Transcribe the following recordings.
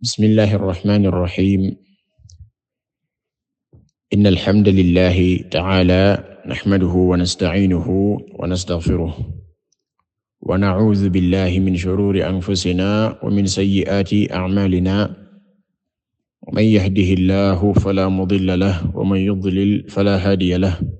Bismillahi rahmaani rahiim. Innal hamda lillahi ta'aala nahmaduhu wa nasta'iinuhu wa nastaghfiruh. Wa na'uudhu billahi min shuruuri anfusinaa wa min sayyi'aati a'maalinaa. Man yahdihillahu falaa mudilla lahu wa man yudlil falaa haadiya lahu.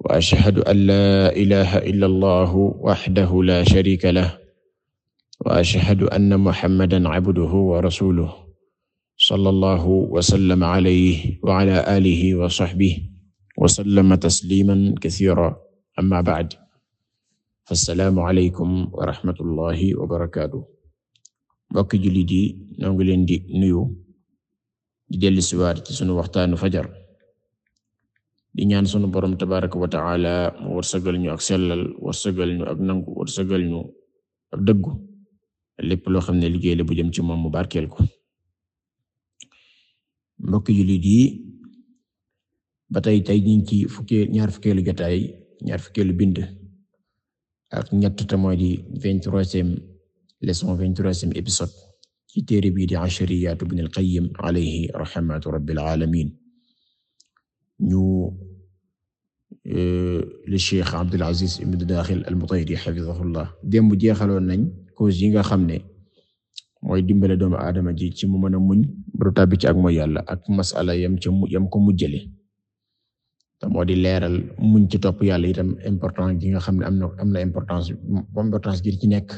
Wa ashhadu an laa ilaaha illallaahu wahdahu laa shariika lahu. wa ashhadu anna muhammadan abduhu wa rasuluhu sallallahu wa sallam alayhi wa ala alihi wa sahbihi wa sallama tasliman amma ba'd assalaamu alaykum wa rahmatullahi wa barakaatuh mbokki jullit yi ñoo ngi leen di nuyu di dellusiwaat ci sunu waxtaanu fajar di ñaan sunu borom tabaraka wa ta'ala mu wërsëgal ñu ak sellal wërsëgal ñu ak nangu wërsëgal ñu ak lépp loo xam ne liggéey la bu jëm ci moom mu barkeel ko mbokk jullit yi ba tey tey ñu ngi ci fukki ñaar fukkeelu jotaay ñaar fukkeelu bind ak ñett te mooy di vingt-troisième leçon vingt-troisième épisode ci téere bii di Ashariyaat Ibn al-Qayyim alayhi rahmatu rabbil alamin ñu euh, li Cheikh Abdul Aziz Dakhil al-Mutayri démb jeexaloon nañ cause yi nga xam ne mooy dimbale doomu aadama ji ci mu mën a muñ du tàbbi ci ak mooy yàlla ak masala yam ca yam ko mujjale te moo di leeral muñ ci topp yàlla itam important gi nga xam ne am na am na importance importance gi ci nekk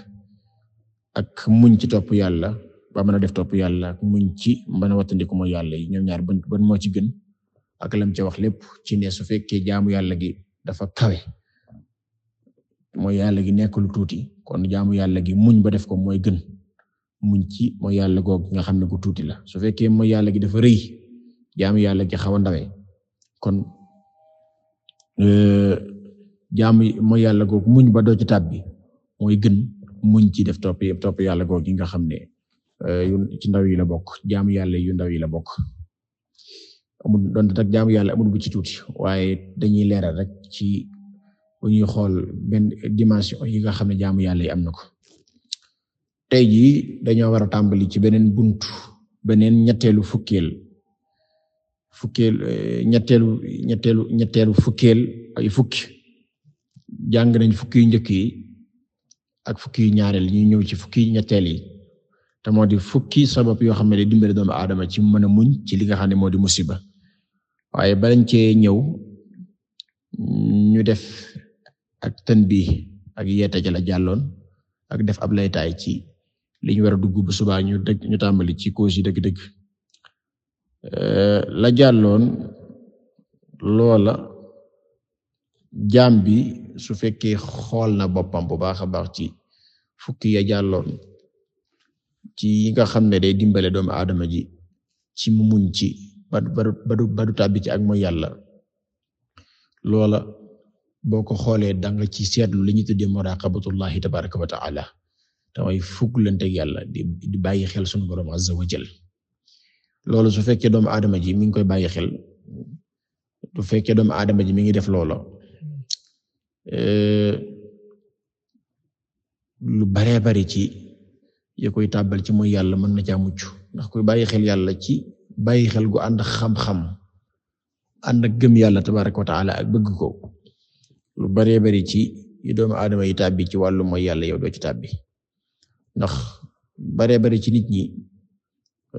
ak muñ ci topp yàlla ba mën a def topp yàlla ak muñ ci mën a wattandiku mooy yàlla yi ñoom ñaar ban ban moo ci gën ak lam ca wax lépp ci ne su fekkee jaamu yàlla gi dafa kawe mooy yàlla gi nekk tuuti kon jaamu yàlla gi muñ ba def ko mooy gën muñ ci mooy yàlla goog nga xam ne gu tuuti la su fekkee mooy yàlla gi dafa rëy jaamu yàlla gi xaw a ndawe kon euh, jaamu mooy yàlla goog muñ ba doo ci tàbbi mooy gën muñ ci def topp topp yàlla goog gi nga xam ne euh, ci ndaw yi la bokk jaamu yàlla yu ndaw yi la bokk amul donte bu ci tuuti waaye dañuy leeral rek ci. bu ñuy xool benn dimension yi nga xam ne jaamu yàlla yi am na ko tey jii dañoo war a tàmbali ci beneen bunt beneen ñetteelu fukkeel fukkeel eh, ñetteelu ñetteelu fukkeel ay fukki jàng nañ fukki yu njëkk yi ak fukki yu ñaareel ñuy ñëw ci fukki ñetteel yi te moo di fukki sabab yoo xam ne day dimbali doomu aadama ci mën muñ ci li nga xam ne moo di musiba waaye balañ ñëw ñu def ak bi ak yeete ci la jàlloon ak def ab laytaay ci li ñu war a dugg bu subaa ñu dëgg ñu tàmbali ci cause yi dëgg-dëgg euh, la jàlloon loola jaam bi su fekkee xool na boppam bu baax a baax ci fukki ya jàlloon ci yi nga xam ne de dimbale doomu aadama ji ci mu muñ ci ba du ba du ci ak mooy yàlla loola boo ko xoolee da nga ci seetlu li ñu tuddee muraqabatullahi tabaraka wa taala damay fukklanteg yàlla di di bàyyi xel sunu borom azza wa jal loolu su fekkee doomu aadama ji mi ngi koy bàyyi xel su fekkee doomu aadama ji mi ngi def loola eh, lu baree bari ci yékoy koy ci mooy yàlla mën na caa mucc ndax koy bàyyi xel yàlla ci bàyyi xel gu ànd xam-xam ànd gëm yàlla tabaraka wa taala ak bëgg ko lu baree bari ci yi doomu aadama yi tàbbi ci wàllu mooy yàlla yow doo ci tàbbi ndax baree bari ci nit ñi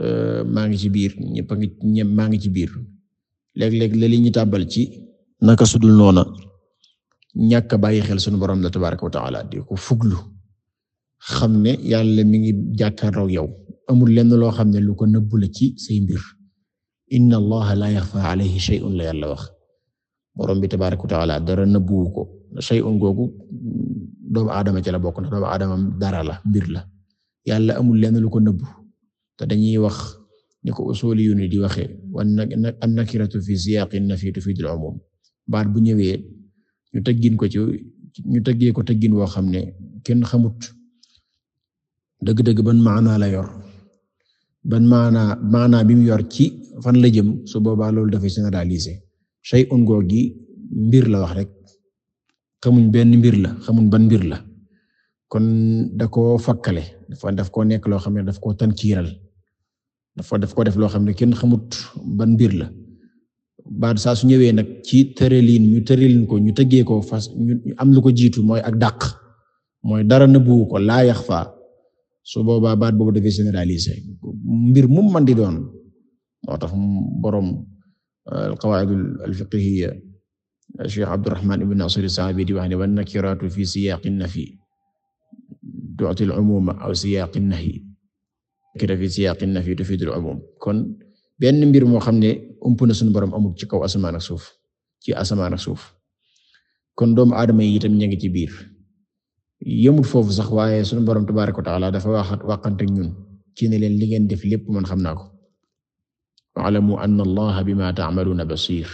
euh, maa ngi ci biir ñëpp a ngi ñëpp maa ngi ci biir léeg-léeg la li ñu tàbbal ci naka sudul noona ñàkk bàyyi xel sunu borom la tabaraka wa taala di ko fuglu xam ne yàlla mi ngi jàkkaarloog yow amul lenn loo xam ne lu ko nëbbu la ci say mbir inna allaha la yaxfa alayhi shay'un la yàlla wax borom bi tabaaraka wa taala dara nëbbuwu ko shay'un googu doomu aadama ci la bokk na doomu aadama dara la mbir la yàlla amul lenn lu ko nëbbu te dañuy wax ni ko usuliyun di waxe an nakiratu fi siyaqi nafi tufiidul umum baat bu ñëwee ñu tëggin ko ci ñu tëggee ko tëggin woo xam ne kenn xamut dëgg-dëgg ban maanaa la yor ban maanaa maanaa bi mu yor ci fan la jëm su boobaa loolu dafay généraliser shay'un goog gi mbir la wax rek xamuñ benn mbir la xamuñ ban mbir la kon da koo fakkale dafa def koo nekk loo xam ne daf koo tankiiral dafa def ko def loo xam ne kenn xamut ban mbir la baat saa su ñëwee nag ci tërëliin ñu tërëliin ko ñu tëggee ko fas ñu am lu ko jiitu mooy ak dàq mooy dara nëbbu ko laa yaxfa su boobaa baat boobu dafay généraliser mbir mu mën di doon moo tax borom al-qawaa'id al-fiqhiyya Cheikh Abdurrahman ibn Nasir as-Sa'di di wax ne wan-nakiraatu fi siyaaq an-nafyi tu'ti al-'umuum aw siyaaq an-nahy nakira fi kon benn mbir moo xam ne ump na sunu borom amul ci kaw asamaan ak suuf ci asamaan suuf kon doom aadama yi itam ña ngi ci biir yemut foofu sax waaye sunu borom tabaaraka wa ta'aala dafa waxat waxante ak ñun ci ne leen li ngeen def lépp man xam naa ko. a wa'lamu anna allaha bima ta'maluna basir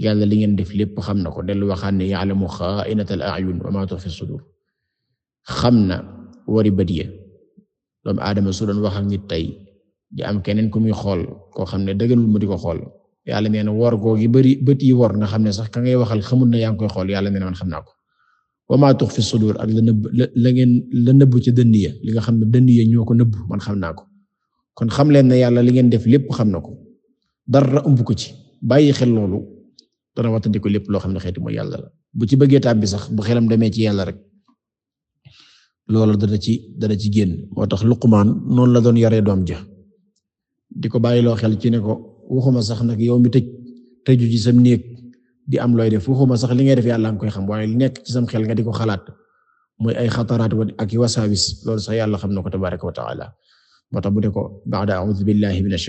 yàlla li ngeen def lépp xam na ko dellu waxaan ne ya'lamu xaa'inatal a'yun wa ma tukhfi sudur xam na wari badiya doomu aadama su wax ak nit tey di keneen ku muy xool koo xam ne dëgganul mu di ko xool yàlla nee na wor googi bari bët yi wor nga xam ne sax ka ngay waxal xamul na yaa ngi koy xool yàlla nee na man xam naa ko wa ma tukhfi sudur ak la nëbb la ngeen ci dënn ya li nga xam ne dënn ya ñoo ko nëbb man xam naa ko kon xam leen ne yàlla li ngeen def lépp xam na ko dara ëmb ko ci bàyyi xel loolu dana wattandiku lépp loo xam ne xeeti mooy yàlla la bu ci bëggee tàbbi sax bu xelam demee ci yàlla rek loolu dana ci dana ci génn moo tax Luqmaan noonu la doon yaree doom ja di ko bàyyi loo xel ci ne ko waxuma sax nag yow mi tëj tëju ci sam néeg di am looy def waxuma sax li ngay def yàlla nga koy xam waaye li nekk ci sam xel nga di ko xalaat mooy ay xataraat ak i wasaawis loolu sax yàlla xam na ko tabaaraka wa taala moo tax bu ne ko ba'da a'uuzu billahi minash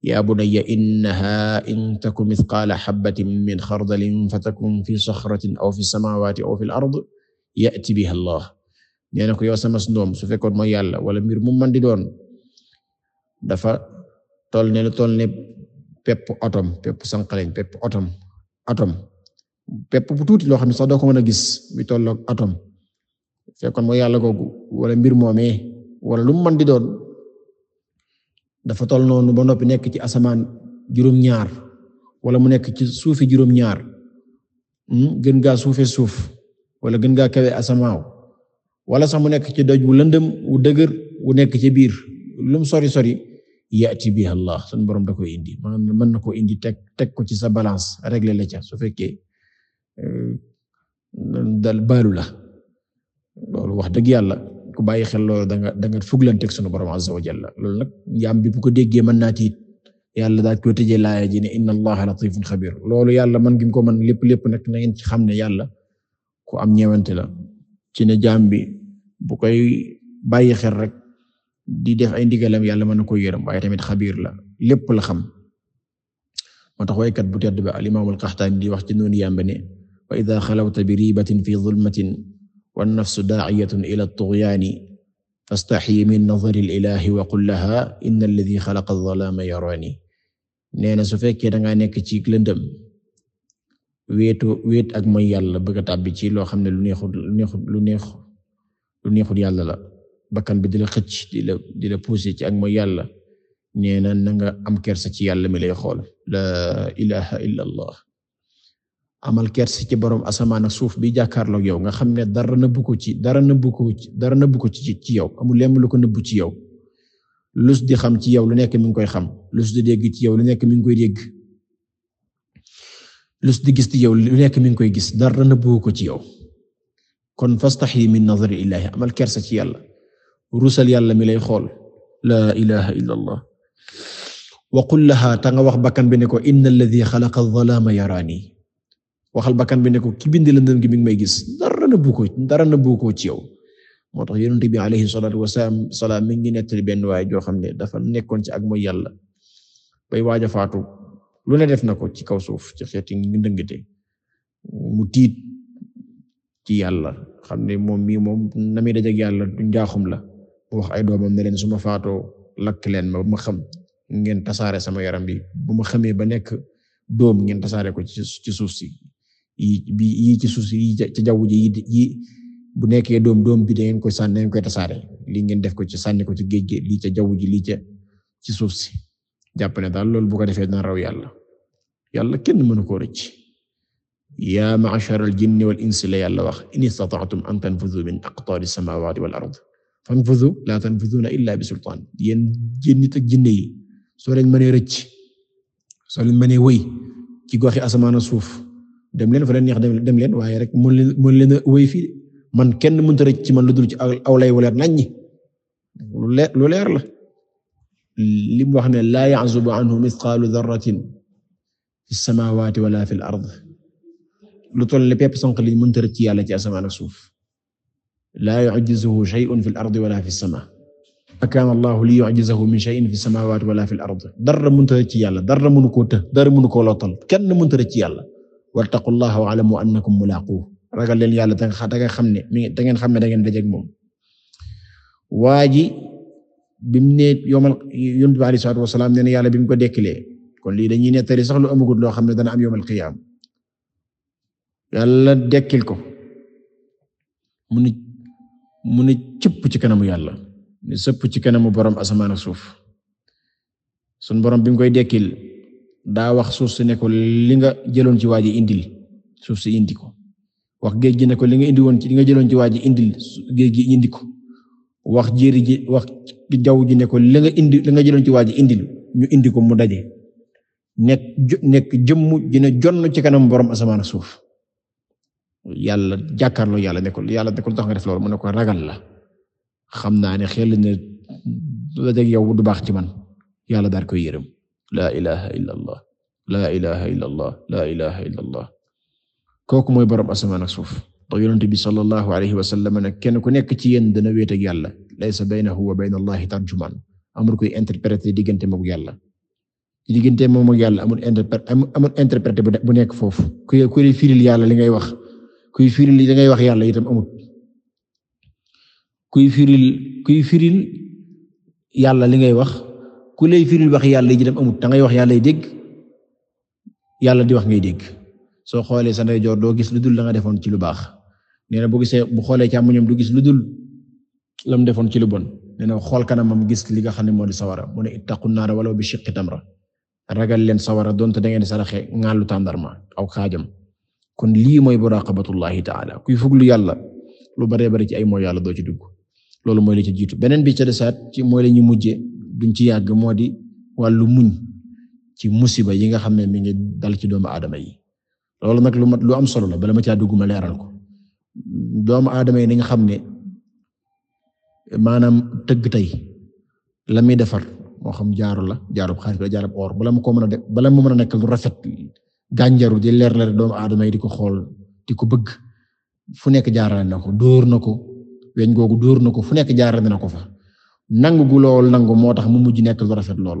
yaa bunayya innaha in taku mithqaala habbatin min xardalin fatakun fi saxratin aw fi samaawaati aw fil ard ya'ti biha Allah nee na ko yow sama doom su fekkoon mooy yàlla wala mbir mu mën di doon dafa toll ne lu toll ne pepp atom pepp sanqaleñ pepp atom atom pepp bu tuuti loo xam ne sax gis bi tolloog atom fekkoon mooy yàlla googu wala mbir moomee wala lu mu doon. dafa tol noonu ba noppi nekk ci asamaan juróom-ñaar wala mu nekk ci suufi juróom-ñaar hmm? gën gaa suufe suuf wala gën gaa kawe asamaaw wala sax mu nekk ci doj wu lëndëm wu dëgër wu nekk ci biir lum sori sori yaati bi Allah sun borom da koy indi mën na ko indi teg teg ko ci sa balance réglé la ca su fekkee euh, dal baalu la loolu wax dëgg yàlla ku bàyyi xel loolu da nga da nga fuglanteeg sunu borom azza wa jalla loolu nag jaam bi bu ko déggee mën naa tiit yàlla daal ko tëjee laaya ji ne inna allaha latifun xabir loolu yàlla man gi ko mën lépp lépp nag na ngeen ci xam ne yàlla ku am ñeewante la ci ne jaam bi bu koy bàyyi xel rek di def ay ndigalam yàlla mën na ko yërëm waaye tamit xabir la lépp la xam moo tax waykat bu tedd ba al imam al di wax ci noonu yàmba ne wa ida xalawta bi ribatin fi zulmatin wannafsu daa'iyatun ila at-tughyaani fastaxyi min nazari al-ilaahi wa qul lahaa inna alladhii xalaqa az-zalaama yaraani nee na su fekkee dangaa nekk ci lëndëm wéetu wéet ak mooy yàlla bëgg a tàbbi ci loo xam ne lu neexut lu neexut lu neex lu neexut yàlla la bakkan bi di la xëcc di la di la pousser ci ak mooy yàlla nee na na nga am kersa ci yàlla mi lay xool laa ilaaha illa allah amal kersi ci borom asamaana ak suuf bi jàkkaarloog yow nga xam ne dara nëbbu ko ci dara nëbbu ko ci dara nëbbu ko ci ci yow amul lenn lu ko ci yow lus di xam ci yow lu nekk mi ngi koy xam lus di dégg ci yow lu nekk mi ngi koy dégg lus di gis ci yow lu nekk mi ngi koy gis dara nëbbu ko ci yow kon fastaxi min nazari ilaahi amal kersa ci yàlla rusal yàlla mi lay xool laa ilaha illa allah wa qul laha ta nga wax bakkan bi ne ko inna alladhi xalaqa adh yaraani waxal bakkan bi nekkul ko ki bind lëndëm gi mi may gis dara na bu ko ndara na bu ko ci yow moo tax yonent bi alayhi salaatu wasalaam salaam mi ngi nettali benn waay joo xam ne dafa nekkoon ci ak mooy yàlla bay waaj a faatu lu ne def na ko ci kaw suuf ci xeeti ngi ndëngate mu tiit ci yàlla xam ne moom mii moom na muy yàlla du njaaxum la wax ay doomam ne leen su ma faatoo lakk leen ma ma xam ngeen tasaare sama yaram bi bu ma xamee ba nekk doom ngeen tasaare ko ci suuf si yi yi ci suuf si yi ci jaww ji yi bu nekkee doom doom bi da ko koy sànni da ngeen koy tasaare lii ngeen def ko ci sànni ko ci géej gi lii ca jaw ji lii ca ci suuf si jàpp ne daal loolu bu ko defee dina raw yàlla yàlla kenn mënu koo rëcc yaa ma'shara al-jinni wal insi la yàlla wax in istata'tum an tanfudhu min aqtari as-samawati wal ard fanfudhu la tanfudhuna bi sultaan yéen jinni ta jinne yi soo leen mënee rëcc soo leen mënee woy ci goxi asamaan suuf dem leen fa leen neex dem leen waaye rek mun leen mën leen a fii man kenn mënta rëcc ci man lu dul ci aw lay wala nañ ñi lu leer lu leer la li mu wax ne laa ya'zubu anhu mithqaalu dharratin fi samaawaati wala fi ard lu toll ne pepp sànq li mënta ci yàlla ci asamaan ak suuf laa yu'jizuhu shay'un fil ardi wala fis samaa akaana Allahu li yu'jizahu min shay'in fis samaawaati wala fil ard dara mënta ci yàlla dara mënu koo të dara mënu koo lottal kenn mënta ci yàlla wa wattaqullaha wa'lamu annakum mulaaquuh ragal leen yàlla da nga xam ne da ngeen xam ne da ngeen dajeeg moom. waa ji bi mu ne yomal yonent bi alayhi salaatu wasalaam nee na yàlla bi mu ko dekkilee kon lii dañuy nettali sax lu amagut loo xam ne dana am yomal qiyaam yàlla dekkil ko mu ne mu ne cëpp ci kanamu yàlla ne sëpp ci kanamu borom asamaan ak suuf sun borom bim koy dekkil. daa wax suuf si ne li nga jëloon ci waa ji indil suuf si indi ko wax géej gi ne ko li nga indi woon ci li nga jëloon ci waa ji indil géej gi indi ko wax jéeri ji wax jaww ji ne ko li nga indi li nga jëloon ci waa ji indil ñu indi ko mu daje nekk nekk jëmm dina jonn ci kanam borom asamaan suuf yàlla jàkkaarloo yàlla ne ko yàlla ne ko tax nga def loolu mu ne ko ragal la xam naa ne xel ne la yow du baax ci man yàlla daal koy yërëm laa ilaha illa allah laa ilaha illa allah laa ilaha illa allah kooku mooy borom asamaan ak suuf te yonent bi sallallahu alayhi wa sallam ne kenn ku nekk ci yéen dana wéet ak yàlla laysa baynahu wa bayna allahi tarjumaan amul kuy interpréter diggante moom yàlla diggante moom ak yàlla amul interprète amul bu nekk foofu kuy kuy firil yàlla li ngay wax kuy firil li ngay wax yàlla itam amul kuy firil kuy firil yàlla li ngay wax ku lay firil wax yàlla ji dem amut da yàlla di wax ngay dégg soo xoolee sa ndeyjoor doo gis lu dul la nga defoon ci lu baax nee na bu gisee bu xoolee càmmoñam du gis lu dul la mu defoon ci lu bon nee xool kanamam gis li nga xam ne moo di sawara mu ne ittaqu naara walaw bi shiqqi tamra ragal leen sawara donte da ngeen saraxe ngaalu tàndarma aw xaajam kon lii mooy muraqabatullahi taala kuy fuglu yàlla lu baree bari ci ay mooy yàlla doo ci dugg loolu mooy li ci jiitu beneen bi ca desaat ci mooy la ñu mujjee duñ ci yàgg moo di wàllu muñ ci musiba yi nga xam ne mi ngi dal ci doomu aadama yi loolu nag lu mat lu am solo la bala ma caa dugg ma leeral ko doomu aadama yi nga xam ne maanaam tëgg tey la muy defar moo xam jaaru la jaarub xaalis la jaarub or bala mu ko mën a def bala mu mën a nekk lu rafet gànjaru di leer leer doomu aadama yi di ko xool di ko bëgg fu nekk jaarale na ko dóor na ko weñ googu dóor na ko fu nekk jaarale na ko fa nangu gu lool nangu moo tax mu mujj nekk lu rafet lool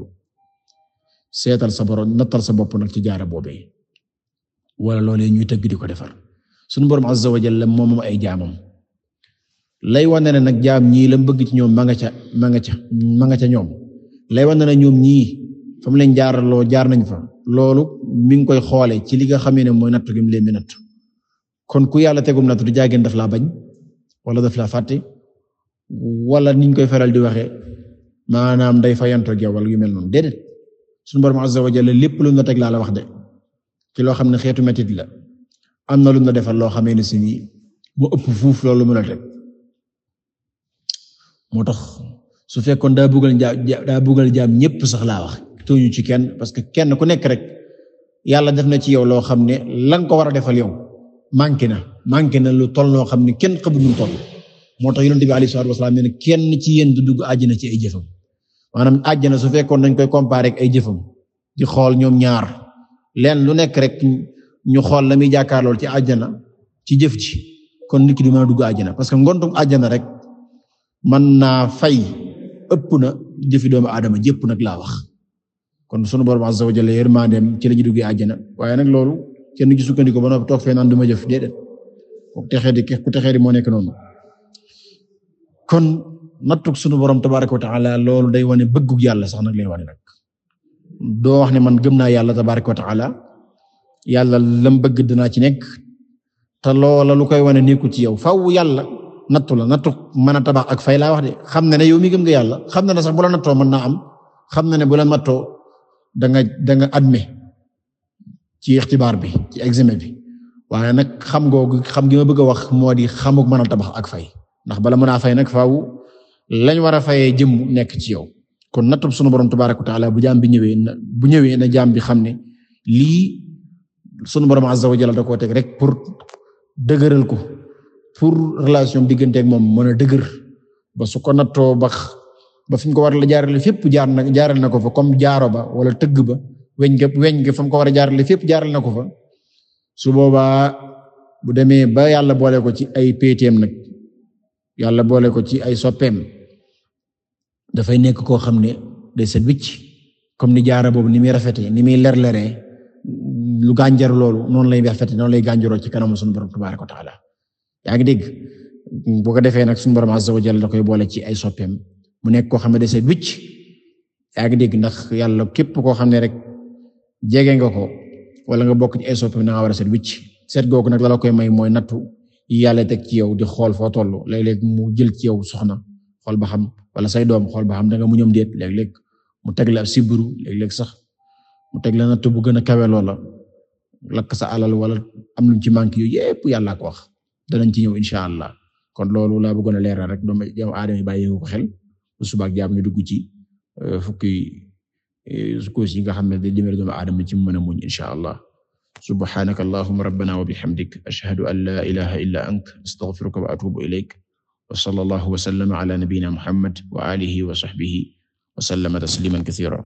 seetal sa borom nattal sa bopp nag ci jaara boobee wala loolee ñuy tëgg di ko defar sunu borom azza wa moom moomam ay jaamam lay wane ne nag jaam ñii la bëgg ci ñoom ma nga ca ma nga ca ma nga ca ñoom lay wane ne ñoom ñii fam leen jaaraloo jaar nañ fa loolu mi ngi koy xoolee ci li nga xamee ne mooy nattu gi mu leen di natt kon ku yàlla tegum natt du jaageen daf laa bañ wala daf laa fàtte. wala niñ koy faral di waxee maanaam day fayanto ak yow wala yu mel noonu déedéet suñu borom azza wa jalla lépp lu na teg laa la wax de ci loo xam ne xeetu metit la am na lu na defal loo xamee ne si nii mu ëpp fuuf loolu mu la teg moo tax su fekkoon daa bëggal jaam daa bëggal jaam ñëpp sax laa wax ci kenn parce que kenn ku nekk rek yàlla def na ci yow loo xam ne lan ko war a defal yow manqué na manqué na lu toll loo xam ne kenn xamu nu toll moo tax yonent bi alayhi salaatu wasalaam ne kenn ci yéen du dugg àjjana ci ay jëfam maanaam àjjana su fekkoon dañ koy comparé ak ay jëfam di xool ñoom ñaar leen lu nekk rek ñu xool la muy jàkkaarlool ci àjjana ci jëf ji kon nit dugg àjjana parce que ngontum àjjana rek mën naa fay ëpp na jëfi doomu aadama jëpp nag laa wax kon sunu borom azza wa jalla yërmandeem ci la ñu duggee àjjana waaye nag loolu kenn gi sukkandiku ba noppi toog fee naan du ma jëf déedéet ku texee di ku texee moo nekk noonu kon nattuk sunu borom tabaraka wa taala loolu day wane bëggug yàlla sax nag lay wane nag doo wax ne man gëm naa yàlla tabaraka wa taala yàlla lam bëgg dinaa ci nekk te loola lu koy wane nekku ci yow faw yàlla nattu la nattu mën a tabax ak fay laa wax de xam ne yow mi gëm nga yàlla xam na ne sax bu la nattoo mën naa am xam na ne bu la nattoo da nga da nga admis ci ixtibaar bi ci examen bi waaye nag xam googu xam gi ma bëgg a wax moo di xamuk mën a tabax ak fay ndax bala mën a fay nag faaw lañ war a fayee jëmm nekk ci yow kon nattub sunu borom tabaaraka wa taala bu jaam bi ñëwee na bu ñëwee na jaam bi xam ne lii sunu borom azza wa jalla koo teg rek pour dëgëral ko pour relation diggante moom mën a dëgër ba su ko nattoo bax ba fi ko war la jaarale fépp jaar na jaarale na ko fa comme jaaro ba wala tëgg ba weñ nga weñ nga fa mu ko war a jaarale fépp jaarale na ko fa su bu demee ba yàlla boole ko ci ay PTM yàlla boole ko ci ay soppeem dafay nekk koo xam ne day set wicc comme ni jaara boobu ni muy rafetee ni muy lerleree lu gànjar loolu noonu lay rafetee noonu lay gànjaroo ci kanamu sunu borom tabaaraka wa taala yaa ngi dégg boo defee nag sunu borom azza wa jalla boole ci ay soppeem mu nekk koo xam ne day set wicc yaa ngi dégg ndax yàlla képp koo xam ne rek jege nga ko wala nga bokk ci ay soppeem da nga war a set wicc set googu nag la koy may mooy nattu. yàlla teg ci yow di xool foo toll léeg mu jël ci yow soxna xool ba xam wala say doom xool ba xam da nga mu ñoom déet léeg-léeg mu teg la sibru léeg-léeg sax mu teg na natt bu gën a kawe loola lakk sa alal wala am lu ci manqué yooyu yépp yàlla ko wax danañ ci ñëw incha allah kon loolu laa bëggoon a leeral rek doomu aadama yi bàyyi ko xel bu subaa ak jàmm ñu dugg ci euh, fukki euh, su ko yi nga xam ne day dimbali doomu aadama ci mu mën a muñ incha allah. subhanaka allahumma rabbana wa bihamdik ashhadu an la ilaha illa anta astaghfiruka wa atubu ilayk wa sallallahu wa sallama ala nabiyyina muhammad wa alihi wa sahbihi wa sallama tasliman kathira